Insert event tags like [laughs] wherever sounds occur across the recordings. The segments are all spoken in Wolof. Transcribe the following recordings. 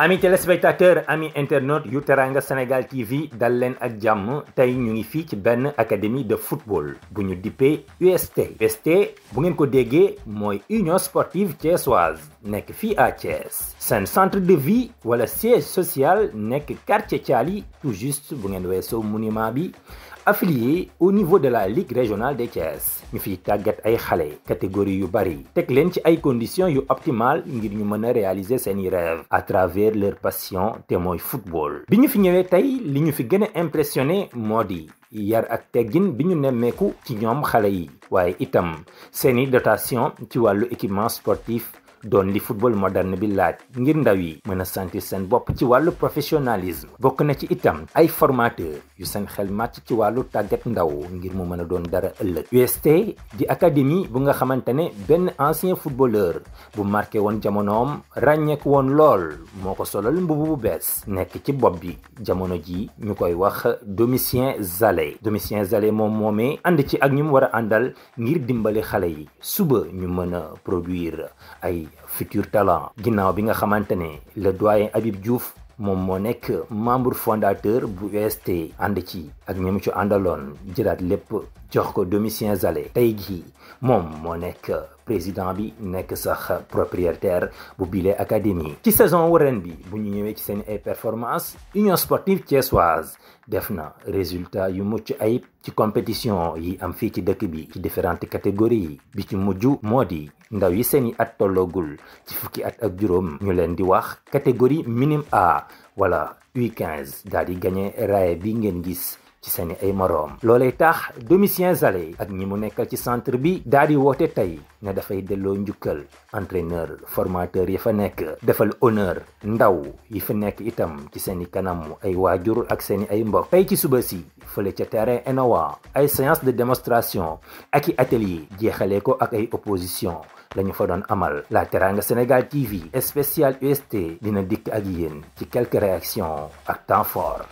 Amis téléspectateurs, amis internautes, yu Teranga Sénégal TV dal ak Jam, tay ñu ngi académie de football bu ñu UST UST bu ngeen ko Union Sportive Thiessoise nek fi à Thiès un centre de vie wala siège social nek quartier Tchali, tout juste bu ngeen weesoo monument affilié au niveau de la ligue régionale des caisses, Nous avons target ay catégorie yu bari tek len ci conditions optimales ngir réaliser ses rêves à travers leur passion té football Biñu fi ñëwé tay li fi impressionné modi yar ak teggin ci yi itam dotation ci équipement sportif doon li football moderne bi laaj ngir ndaw yi mën a sentir seen bopp ci wàllu professionnalisme bokk na ci itam ay formateur yu seen xel màcc ci wàllu tàggat ndaw ngir mu mën a doon dara ëllëg UST di académie bu nga xamante ne benn ancien footballeur bu marqué woon jamonoom ràññeek woon lool moo ko solal mbubu bu bees nekk ci bopp bi jamono ji ñu koy wax Domitien Zalé Domitien Zalé moom moomee ànd ci ak ñu mu war a àndal ngir dimbali xale yi suba ñu mën a produire ay fitur futur talent ginnaw bi nga xamantene le doyen Habib Diouf mom mo nek membre fondateur bu UST e and ci ak ñi ci andalon lepp jox ko domicien Zale tay gi mom mo nek président bi nek sax propriétaire bu bile académie ci saison wu bi bu ñu ñëwee ci seen ay performance union sportive thiessoise defna résultat yu mucc ayib ci compétition yi am fi ci dëkk bi ci différentes catégories bi ci mujj modi ndaw yi seeni at tolloogul ci fukki at ak juróom ñu leen di wax catégorie minime A wala U15 daal di gagné bi ngeen gis ci qui ay morom tax ak ñi mu nekkal ci centre bi di woote tey ne dafay delloo njukkal entraîneur formateur qui nekk defal honneur ndaw yi nekk itam ci seeni kanam ay waajur ak seeni ay mbokk tey ci suba de démonstration ak ko ak ay opposition lañu fa doon amal la Sénégal TV spécial UST dina ak quelques réactions ak temps fort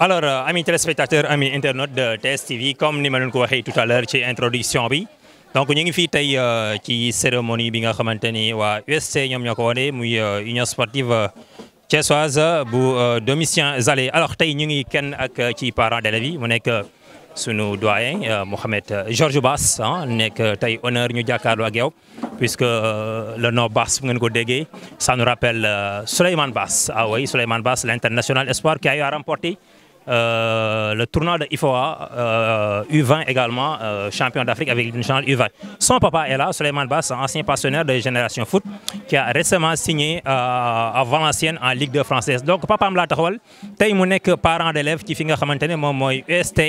alors euh, amis téléspectateurs amis internautes de TSTV comme nous l'avons dit tout à l'heure c'est introduction donc nous ngi fait une euh, ci cérémonie bi nga xamante ni waa USC sportive ñoo ko wane euh, union sportive thiessoise bu Domitien Zale alors nous ñu ngi kenn ak ci parents vie. vie mu nekk sunu doyen Mohamed Georges Bass Hein, nekk tey honneur ñu jàkkaarloo ak yow puisque le nom Bass nous ko ça nous rappelle Soleiman Bass ah oui Soleiman Bass l'international espoir qui a eu à remporter euh, le tournoi de IFOA U20 euh, également, euh, champion d'Afrique avec une chance U20. Son papa est là, Soleiman Bass, ancien passionnaire de Génération Foot, qui a récemment signé à Valenciennes en Ligue 2 française. Donc papa am l'a taxawal tey mu nekk parent d'élève qui fi nga xamante mon moom UST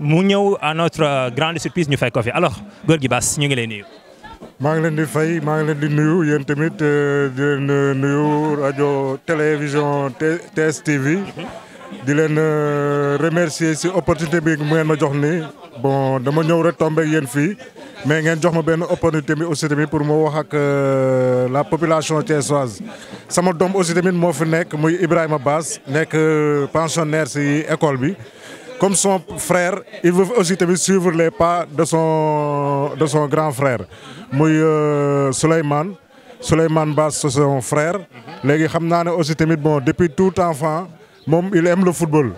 mu ñëw à notre grande surprise ñu fay confiance. alors góor gi Bass ñu ngi lay nuyu. suis leen di fay leen di nuyu tamit di leen nuyu télévision TSTV di leen euh, remercier si opportunité bi mu ngeen ma jox ni bon dama ñëw rek tombé yéen fii mais ngeen jox ma benn opportunité bi aussi tamit pour moo wax ak euh, la population thiessoise sama doom aussi tamit moo fi nekk muy Ibrahima Bass nekk euh, pensionnaire si école bi comme son frère il veut aussi tamit suivre les pas de son de son grand frère muy Souleymane Souleymane Bass son frère léegi xam naa aussi tamit bon depuis tout enfant moom il aime le football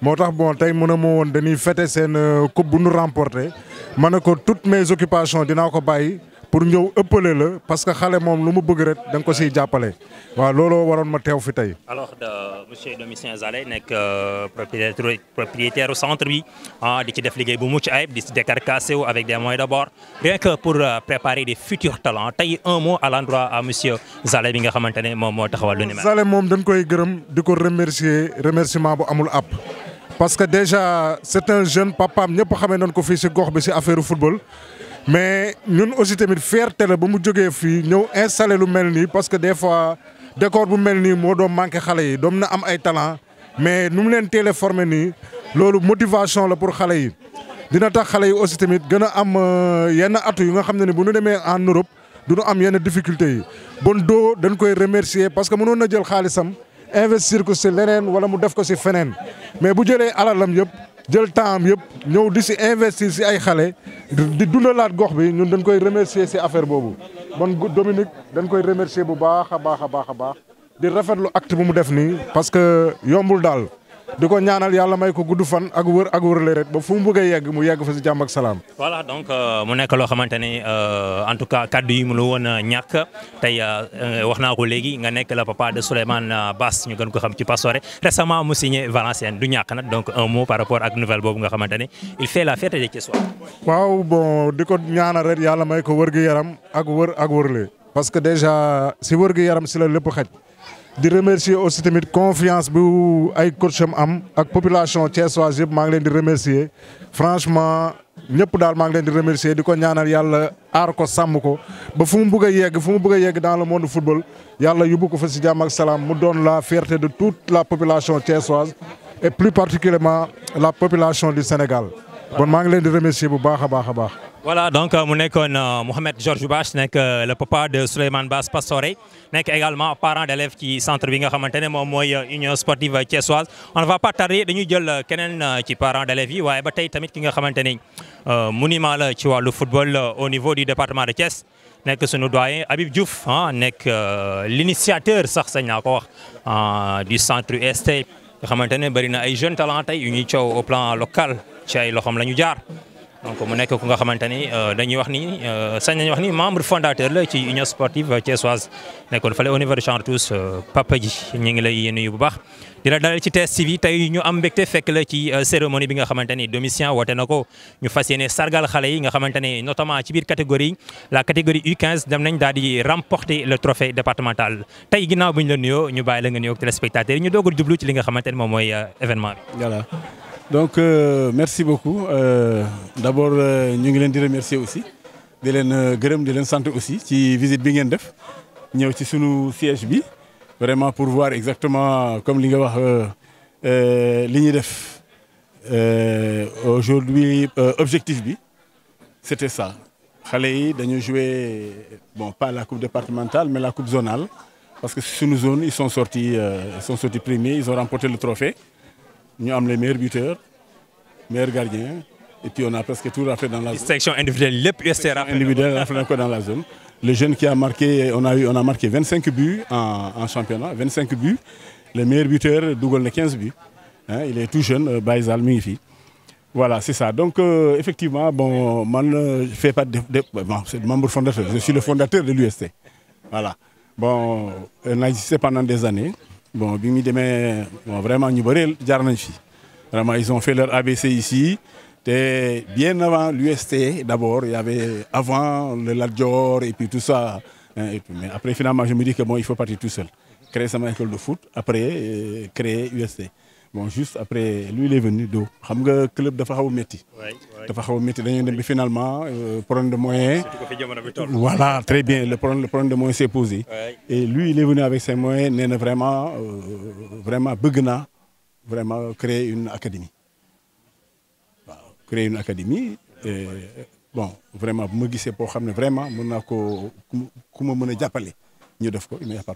motax bon tay mën mo won dañuy fêter sen euh, coupe bu nous remporter ma ko toutes mes occupations dina ko bàyyi pour ñëw ëppale la parce que xalé mom luma bëgg rek da nga ko ci jappalé wa lolo waron ma teew fi tay alors monsieur Domitien Zale nek euh, propriétaire propriétaire au centre bi ah di ci def liggéey bu mucc ayib di si décarcassé wu avec des moyens de bord rien que pour euh, préparer des futurs talents tay un mot à l'endroit à monsieur Zale bi nga xamantene mom mo taxawal lu ni ma Zale mom dañ koy gërëm diko remercier remerciement bu amul app parce que déjà c'est un jeune papa ñepp xamé non ko fi ci gox bi ci affaire football. mais ñun aussi tamit fierté la ba mu jógee fii ñëw installé lu mel nii parce que des fois décor bu mel nii moo doon manqué xale yi doom na am ay talan mais nu mu leen teel former nii loolu motivation la pour xale yi. dina tax xale yi aussi tamit gën a am euh, yenn atu yi nga xam ne ni bu ñu demee en Europe du ñu am yenn difficulté yi bon doo dañ koy remercier parce que mënoon na jël xaalisam investir ko si leneen wala mu def ko si feneen mais bu jëlee alalam yëpp. jël temps am yëpp ñëw di si investir si ay xale di dundalaat gox bi ñun dañ koy remercier si affaire boobu bon Dominique dañ koy remercier bu baax a baax a baax a baax di rafetlu acte bu mu def nii parce que yombul daal. di ko ñaanal yàlla may ko gudd fan ak wër ak wër la rek ba fu mu bëgg a yegg mu yegg fa si jàmm ak salaam. voilà donc euh, mu nekk loo xamante ni euh, en tout cas kaddu yi mu la woon euh, ñàkk tey wax naa ko léegi nga nekk la papa de Souleymane Basse ñu gën ko xam ci Pastore récemment mu signé Valenciennes du ñàkk nag donc un mot par rapport ak nouvelle boobu nga xamante ni il fait la fête de Thiès waaw bon di ko ñaanal rek yàlla may ko wër gi yaram ak wër ak wër parce que déjà si wër gi yaram si la lépp xaj. Je remercier aussi la confiance bu ay coach et la population thiessoise yëpp franchement je remercie maa ngi leen di remercier ñaanal dans le monde du football je yóbbu ko la fierté de toute la population thiessoise et plus particulièrement la population du Sénégal Je vous remercie. di voilà donc euh, mu nekkoon euh, Mohamed Georges Bache nekk euh, le papa de Souleymane Basse Pastore nekk également parent d'élèves qui centre bi nga xamante ne union sportive thiessoise on va pas tarder dañuy jël keneen qui parent d'élèves élèves yi waaye ba tey tamit ki nga xamante ni monument football au niveau du département de Thiès nekk suñu doyen Habib Diouf hein, nekk l'initiateur initiateur sax ko ah, du centre UST nga xamante ne bëri na ay jeunes talents tey yu au plan local ci ay loxoom la donc mu nekk ko nga xamante ni euh, dañuy wax ni euh, sañ nañu wax ni membre fondateur la ci union sportive thiessoise nekkoon fale au niveau de champs de euh, papa ji ñu ngi lay nuyu bu baax. di la dalal ci test TV tey ñu am mbégte fekk la ci cérémonie bi nga xamante ni Domicien woote na ko ñu fas yéene sargal xale yi nga xamante ni notamment ci biir catégorie la catégorie U15 dem nañ daal di remporter le trophée départemental tey ginnaaw bu ñu la nuyoo ñu bàyyi la nga nuyoo téléspectateurs yi ñu doogul jublu ci li nga xamante ni moom mooy événement bi donc euh, merci beaucoup euh, d'abord euh, nous voulons leen remercier aussi de leen gërëm di aussi qui visite bi ngeen def ñëw ci sous siège vraiment pour voir exactement comme li nga aujourd'hui objectif B. c'était ça xale yi dañu bon pas la coupe départementale mais la coupe zonale parce que sur zone ils sont sortis ils sont sortis premiers ils ont remporté le trophée nous avons les meilleurs buteurs, les meilleurs gardiens, et puis on a presque tout raflé dans la zone. Section individuelle, dans la zone. Le jeune qui a marqué, on a, eu, on a marqué 25 buts en, championnat, 25 buts. Le meilleur buteur, Dougal, 15 buts. Hein. il est tout jeune, euh, Baïzal Mifi. Voilà, c'est ça. Donc, euh, effectivement, bon, ne euh, fais pas de, bon, Je suis le fondateur de l'UST. Voilà. Bon, on a existé pendant des années bon ont bon vraiment nous vraiment ils ont fait leur ABC ici bien avant l'UST d'abord il y avait avant le Ladjor et puis tout ça hein, mais après finalement je me dis que bon il faut partir tout seul créer sa sa école de foot après euh, créer l'UST bon juste après lui il est venu sais que le club de Fahou Metti. dafa xaw finalement euh, problème de moyens. voilà très bien le problème le problème de moyens s'est posé. et lui il est venu avec ses moyens il vraiment euh, vraiment bugna, vraiment créer une académie créer une académie. bon vraiment Je ma sais pour je ne vraiment mën naa koo ku ma il a pas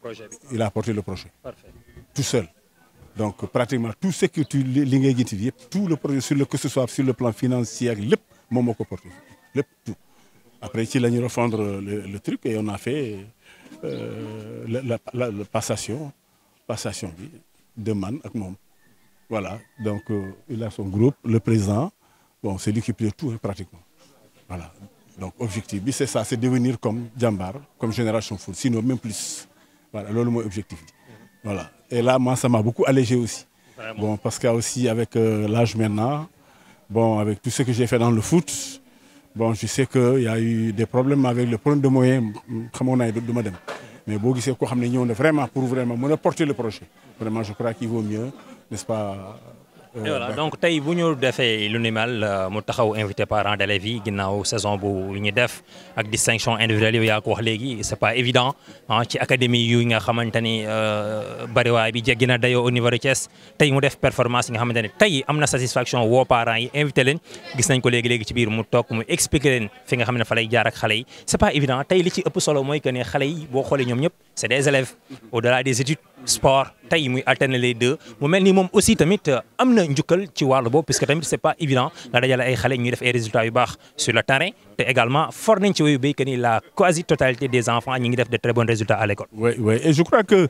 projet il a porté le projet. parfait tout seul donc pratiquement tout ce que tu li tout le projet que ce soit sur le plan financier le, moment qu'on après il a ñu le, truc et on a fait euh, la, passation passation de man avec mon. voilà donc euh, il a son groupe le présent, bon c'est lui qui tout pratiquement voilà donc objectif c'est ça c'est devenir comme Jambar comme Génération Foot sinon même plus voilà le mot objectif voilà et là, moi, ça m'a beaucoup allégé aussi. Bon, parce qu'avec avec euh, l'âge maintenant, bon, avec tout ce que j'ai fait dans le foot, bon, je sais qu'il y a eu des problèmes avec le problème de moyens, comme on a de Mais vraiment pour vraiment, porter le projet. Vraiment, je crois qu'il vaut mieux, n'est-ce pas, euh, et voilà bah. donc tay buñu défé defee lu ni mel euh, mu taxaw invité parents d'élèves yi ginnaaw saison bu ñi def ak distinction individuelle ya ko wax légui c'est pas évident ah ci académie yu nga xamante euh, bari way bi jéggi dayo dayoo au niveau de Thiès tey mu def performance nga xamante tay amna satisfaction wo parents yi invité leen gis nañ ko légui légui ci biir mu tok mu expliquer leen fi nga xam ne fa lay jaar ak xalé yi c'est pas évident tay li ci ëpp solo moy que ne xalé yi bo xolé ñom ñëpp c'est des élèves au-delà des études sport ils muy alterner les deux mu melni mom aussi tamit euh, amna na ci walu boobu parce que tamit c'est pas évident la dajala ay xalé ñuy def résultats yu bax sur le terrain Et également for nañ ci wayu que la quasi-totalité des enfants ñi ngi def de très bons résultats à l'école. oui oui et je crois que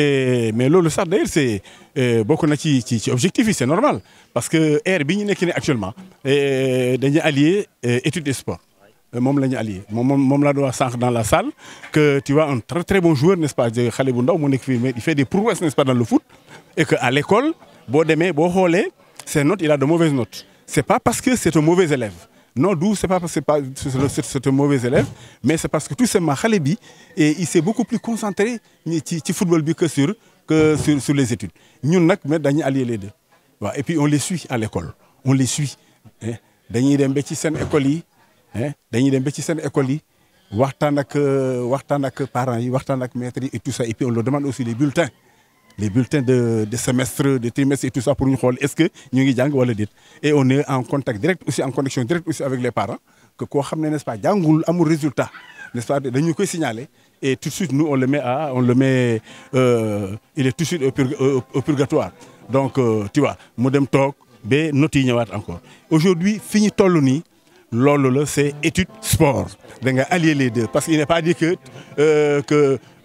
et, mais le sax d'ailleurs c'est euh, beaucoup na ci ci objectif c'est normal parce que Air bi ñu nekk actuellement euh, dañuy allier études et sport mom la allié mom dans la salle que tu vois un très très bon joueur n'est-ce pas de bu ndaw il fait des prouesses n'est-ce pas dans le foot et que à l'école bo ses notes il a de mauvaises notes c'est pas parce que c'est un mauvais élève non d'où c'est pas parce que c'est un mauvais élève mais c'est parce que tout simplement ma bi et il s'est beaucoup plus concentré sur ci football bi que sur que sur les études ñun nak mais dañu les deux et puis on les suit à l'école on les suit hein. dañuy dem ba ci sen école Hein? dañuy dem ba ci seen école yi waxtaan ak euh, waxtaan ak parents yi waxtaan ak maîtres yi et tout ça et puis on leur demande aussi les bulletins les bulletins de de semestre de trimestre et tout ça pour ñu xool est-ce que ñu ngi jàng wala dit et on est en contact direct aussi en connexion directe aussi avec les parents que koo xam ne n'est-ce pas jàngul amul résultat n'est-ce pas dañu koy signaler et tout de suite nous on le met à on le met euh, il est tout de suite au, euh, purgatoire donc euh, tu vois mu dem toog ba notes yi ñëwaat encore aujourd'hui fini ñu toll Lololo, c'est sport allier les deux parce qu'il n'est pas dit que euh,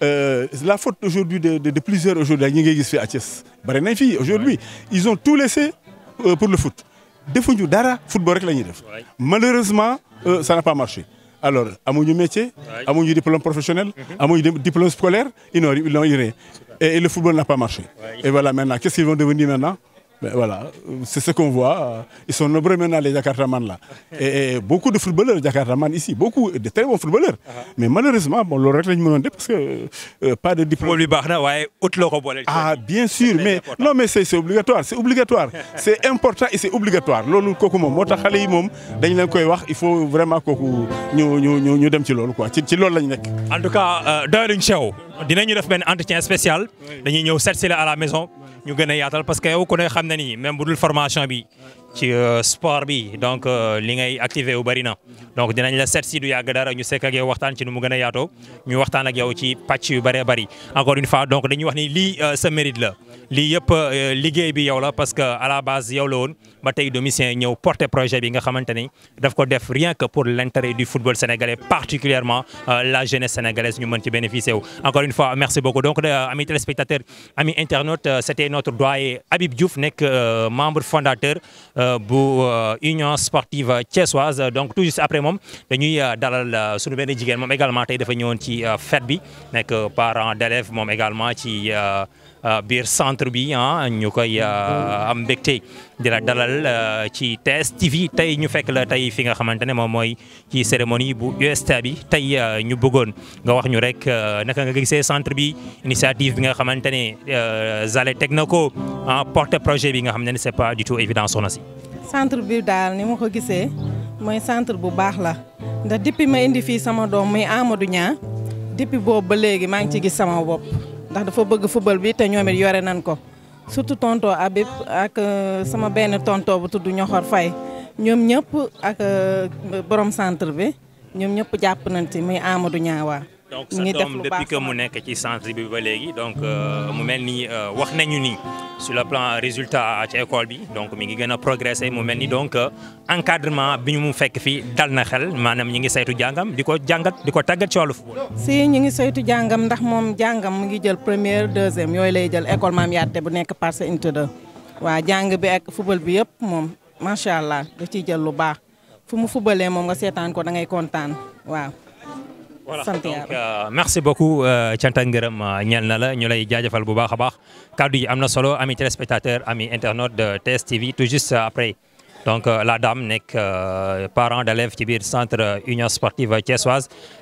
euh, la faute aujourd'hui de, plusieurs aujourd'hui aujourd'hui ils ont tout laissé euh, pour le foot dara football malheureusement ça n'a pas marché alors amuñu métier amuñu diplôme professionnel mhm. amuñu diplôme scolaire ils n'ont rien et le football n'a pas marché et voilà maintenant qu'est-ce qu'ils vont devenir maintenant ben, voilà, c'est ce qu'on voit. Ils sont nombreux maintenant, les Raman là. Et, beaucoup de footballeurs Raman ici, beaucoup de très bons footballeurs. Ah ah. Mais malheureusement, bon, le règlement est parce que euh, pas de diplôme. Ah, bien sûr, mais non, mais c'est obligatoire, c'est obligatoire. [laughs] c'est important et c'est obligatoire. Lolo Kokumo, Mota il faut vraiment que nous nous ci lolu en tout cas euh, avons chew un entretien spécial à la maison ñu gën a yaatal parce que yow ku ne xam na ni même bu dul formation bi ci euh, sport bi donc euh, li ngay activé wu bari donc dinañ la seet si du yag dara ñu sekk ak yow waxtaan ci nu mu gëna a ñu waxtaan ak yow ci patch yu bari bari encore une fois donc dañuy wax ni li ce euh, mérite la li yëpp liggéey bi yow la parce que à la base yow la woon ba tey Domicien ñëw porter projet bi nga xamante ni daf ko def rien que pour l'intérêt du football sénégalais particulièrement la jeunesse sénégalaise ñu mën ci bénéficier encore une fois merci beaucoup donc amis téléspectateurs amis internautes c'était notre doyen Habib Diouf nekk membre fondateur euh, bu euh, union sportive thiessoise donc tout juste après moom dañuy euh, dalal suñu benn jigen moom également tay dafa ñëwon ci fête bi nek parents d'élèves moom également ci Euh, biir centre bi ah ñu koy euh, am mbégte di la dalal euh, ci ci fi tey ñu fekk la tey fi nga xamante ne moom mooy ci cérémonie bu USTA bi tey ñu bëggoon nga wax ñu rek naka nga gisee centre bi initiative bi nga xamante ne Zale teg na ko ah, porte projet bi nga xam ne c'est pas du tout évident soxna si. centre bi daal ni ma ko gisee mooy centre bu baax la ndax depuis ma indi fii sama doom muy Amadou Niang depuis boobu ba léegi maa ngi ci gis sama bopp. dafa bëgg football bi te ñoom it yore nañ ko surtout tonton Habib ak euh, sama benn tonton bu tudd Ñoxor fay ñoom ñëpp ak euh, borom centre bi ñoom ñëpp jàpp nañ ci muy Amadou Niawa. donc sa doom depuis que mu nekk ci centre bi ba donc euh, mu mel euh, wax nañu ni sur le plan résultat ci école bi donc mi ngi gën a mu mel donc euh, encadrement bi mu fekk fii dal na xel maanaam ñi ngi saytu jàngam di ko jàngat di ci wàllu football. si ñi ngi saytu jàngam ndax moom jàngam mu ngi jël première deuxième yooyu lay jël école maam yaate bu nekk parce inte deux waa jàng bi ak football bi yëpp moom macha da ciy jël lu baax fu mu fubalee moom nga seetaan ko da ngay kontaan waaw. Euh, merci beaucoup chantan euh, ak ngërëm euh, ñeel na la ñu lay bu solo ami téléspectateur ami internaute de TSTV, TV tout juste après donc la dame que parent d'élève ci centre union sportive thiessoise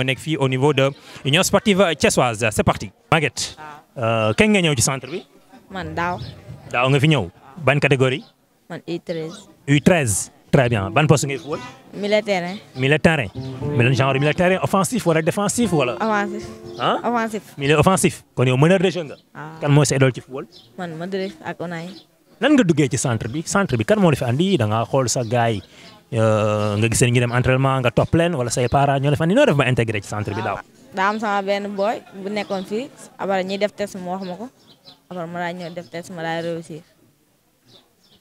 ñoo nekk fii au niveau de Union sportive thiessoise c'est parti. Maguette ah. euh, kañ nga ñëw ci centre bi. man daaw. daaw nga fi ñëw. ban catégorie. man U13. U13 très bien ban poste ngay tu milieu Militaire. milieu terrain. milieu genre militaire, terrain offensif wala défensif wala. offensif. ah offensif. milieu offensif. kon yow meneur de jeu nga. Ah. kan mooy sa idole ci football. man Modric ak Unai. nan nga duggee ci centre bi centre bi kan moo la andi da ngaa sa gaay euh, nga gis ne ñu dem entraînement nga topp leen wala say parents ñoo la fi andi noo def ba intégré centre bi daaw. Ah, sama benn boy bu nekkoon fii après ñuy mu wax ko après ma daal ñëw def test ma réussir.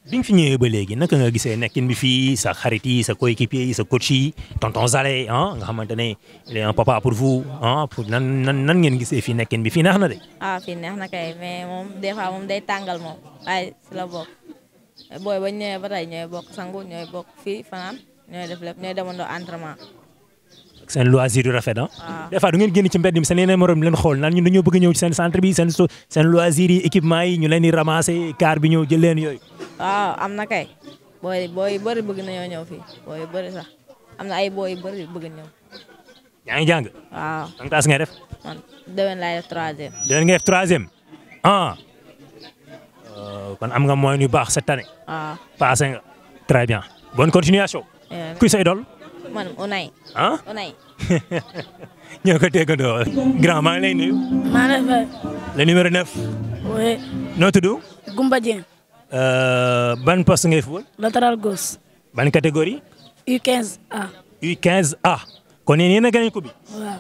bi fi ñëwee ba léegi naka nga gisee nekkin bi fii sa xarit yi sa coéquipier yi sa coach yi tonton Zale ah, nga xamante ne il papa pour vous ah pour nan nan nan ngeen gisee fii nekkin bi fii neex na de. ah fii neex na kay mais moom des fois moom day tàngal moom waaye si ba ñëwee ba tey ñooy bokk sangu fii fanaan ñooy def lépp ñooy demandoo entraînement. sen loisir yu rafet ah. ah des fois du ngeen genn ci mbedd mi seen yeneen morom len xol nan ñu dañu bëgg ñew ci sen centre bi sen sen loisir yi équipement yi ñu len ni ramasser car bi ñew jël len yoy waaw ah, amna kay boy boy bari bëgg na ñew fi boy bari sax amna ay boy bari bëgg ñew yaa ngi jàng waaw ah. ban classe ngay def man déwén laay def troisième déwén ngay 3e ah euh, kon am nga moy ñu bax cette année ah passé très bien bonne continuation kuy say dol man Unay. ah Unay. [laughs] ñoo ko do grand maa lay nuyu. maa lay fay. le numéro 9. oui. noo tudd. Goumba euh ban poste ngay football. latéral gauche. ban catégorie. U15A. U15A kon yéen na gagné coupe bi.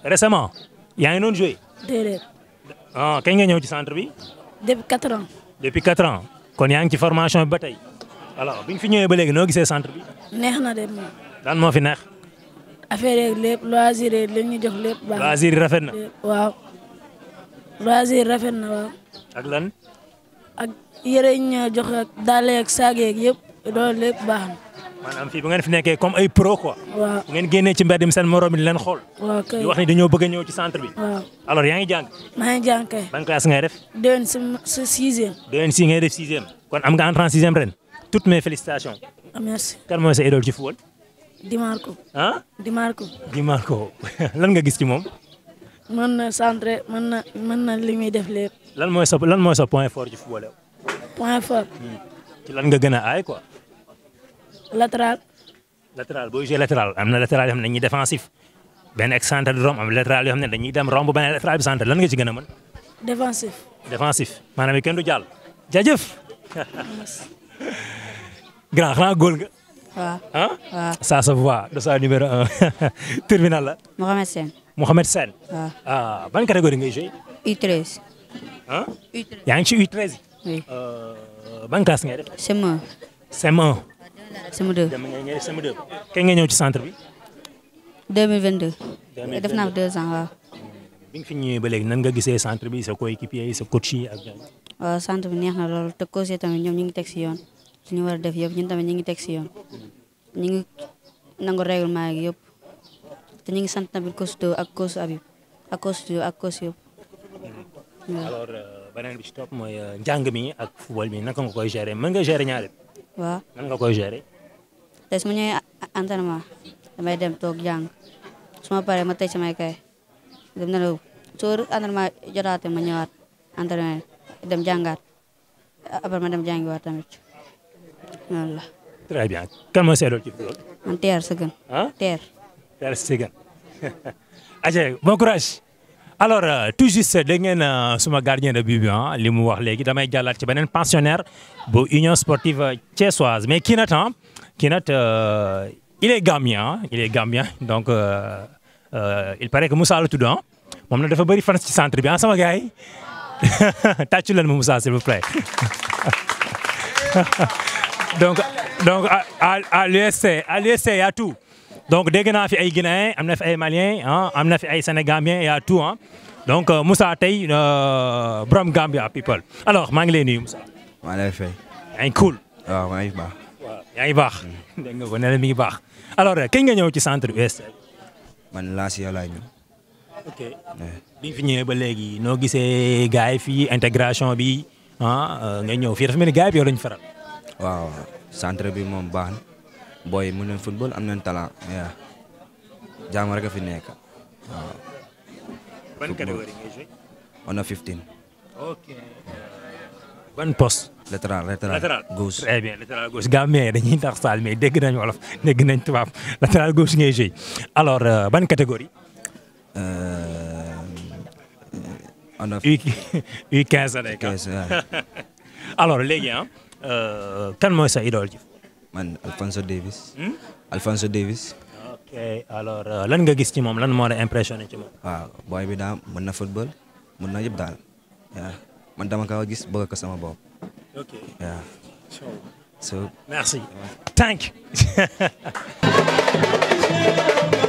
récemment. yaa ngi doon joué. déedéet. ah kay nga ñëw ci centre bi. depuis 4 ans. depuis 4 ans kon yaa ngi ci formation de ba alors vous fi ñëwé ba légui no gisee centre bi. neex na de moom. daan fi neex. affaire yeeg lépp loisir yeeg li ñu jox lépp. baax loisir yi rafet na. waaw loisir rafet na waaw. ak lan. ak yére yi ñu jox ak dàll yeeg saag yeeg yëpp loolu lépp baax na. maanaam fii bu ngeen fi nekkee comme ay pro quoi. waaw bu ngeen génnee ci mber mi seen morom yi di leen xool. waaw kay wax ni dañoo bëgg a ñëw ci centre bi. waaw alors yaa ngi jàng. maa ngi jàng kay. ban classe ngay def. déwén si si sixième. déwén si kon am nga entrée en sixième ren. toutes mes félicitations. Ah, merci. kan mooy sa idole ci football. Dimarco. ah Dimarco. Dimarco [laughs] lan nga gis ci moom. mën na centré mën na mën na li muy def lépp. lan mooy sa lan mooy sa point fort ci football. point fort. Hmm. ci lan nga gën a aay quoi. latéral. latéral booy joué latéral am na latéral yoo xam ne dañuy défensif benn ex centre du romb am latéral yoo xam ne dañuy dem romb benn latéral bi centre lan nga ci gën a mën. défensif. défensif maanaam kenn du jàll. jaajëf. [laughs] grand xanaa ah ça se voit de sa numéro 1 [laughs] terminal Mohamed Sen Mohamed Sen ah, ah ban catégorie ngay U13 ah U13 yaa ngi ci U13 oui euh ban classe ngay def C'est moi. C'est moi. C'est moi. CM2 kañ nga ñëw ci centre bi 2022 def naa 2 ans waaw hmm. bi nga fi ñëwee ba léegi nan nga gisee centre bi sa coéquipier yi sa coach yi ak waaw bi neex na lool te coach yi tamit ñoom ñu ñu war def yop ñun tamit ñi ngi tek ci yoon ñi ngi nangu règlement gi yop te ñi ngi sant tamit costo ak costu abi ak costo ak costu yop hmm. ya. alors eh, beneen bi ci top moy eh, jang mi ak football mi naka nga koy gérer mën nga gérer ñaar wa nan nga koy gérer. tey su ma ñëwee entraînement damay dem tok jang suma paré ma tay ci may kay dem na la tour entraînement jotaté ma ñëwaat entraînement dem jangat après ma dem jàngiwaat tamit. noonu très bien kan c'est seetloo ci En terre, teer hein? sa Terre. ah teer. teer bon courage. alors euh, tout juste dégg ngeen euh, suma gardien de but hein, li mu wax léegi damay jàllaat ci beneen pensionnaire bu union sportive thiessoise mais kii nag ah hein, kii nag euh, il est gambien hein, il est gambien donc il paraît que Moussa le tout ah moom nag dafa bëri fan ci centre bien, ah sama gars yi [laughs] tàccu Moussa s'il vous plaît. [laughs] donc donc à à l'USC à y a tout donc des fi ay Guinéens fi ay Maliens ah am y a tout hein. donc euh, Moussa euh, Gambia people alors maa ngi Moussa. cool. ah Vous ngi est mm. nga alors Je euh, nga ñëw ci centre vous man ok fi ba gars intégration bi Hein? nga ñëw dafa gars yi yow waaw centre bi moom baax na booy mu leen football am nañ talent waaw jaam rek fi nekk waaw. ban catégorie ngay joué. on a ban poste. latéral latéral dañuy tax Saal mais dégg nañu wolof dégg nañ tubaab latéral gauche ngay joué alors euh, ban catégorie. on a. U15 la nekk Euh, kan mooy sa idole ji. man Alphonso Davis. Hmm? Alphonso Davis. ok euh, lan nga gis ci moom lan moo la impressionné ci moom. waaw booy bi daa mën na football mën na yëpp daal man dama kaa gis bëgg ko sama bopp. so merci. thank you. [laughs]